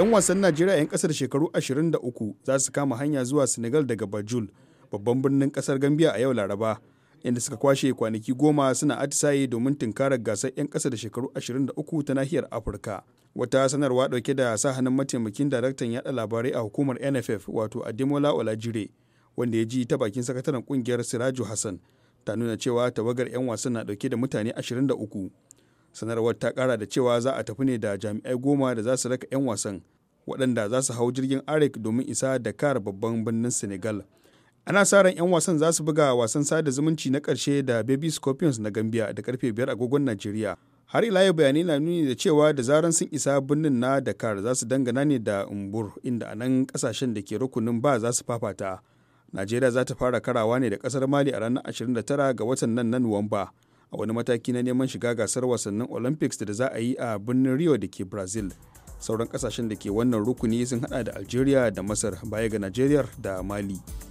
'Yan wasan Najeriya 'yan kasar shekaru 23 za su kama hanya zuwa Senegal daga bajul babban birnin kasar Gambia a yau Laraba, inda suka kwashe kwanaki goma suna atisaye domin tunkarar gasar 'yan kasar shekaru 23 ta nahiyar Afirka. Wata sanarwa dauke da sa hannun mataimakin daraktan yada labarai a hukumar NFF wato Ademola Olajire, wanda ya ji ta bakin sakataren kungiyar Siraju Hassan, ta nuna cewa tawagar 'yan wasan na dauke da mutane 23. sanarwar ta kara da cewa za a tafi ne da jami'ai goma da za su raka 'yan wasan waɗanda za su hau jirgin arik domin isa dakar babban birnin senegal ana sa ran 'yan wasan za su buga wasan sada zumunci na ƙarshe da baby scorpions na gambia da karfe 5 agogon najeriya har ila yau bayanai na nuni da cewa da zaran sun isa birnin na dakar za su dangana ne da umbur inda a nan kasashen da ke rukunin ba za su fafata najeriya za ta fara karawa ne da kasar mali a ranar 29 ga watan nan na nuwamba a wani mataki na neman shiga gasar wasannin olympics da za a yi a birnin rio da ke brazil sauran kasashen da ke wannan rukuni sun hada da algeria da masar baya ga nigeria da mali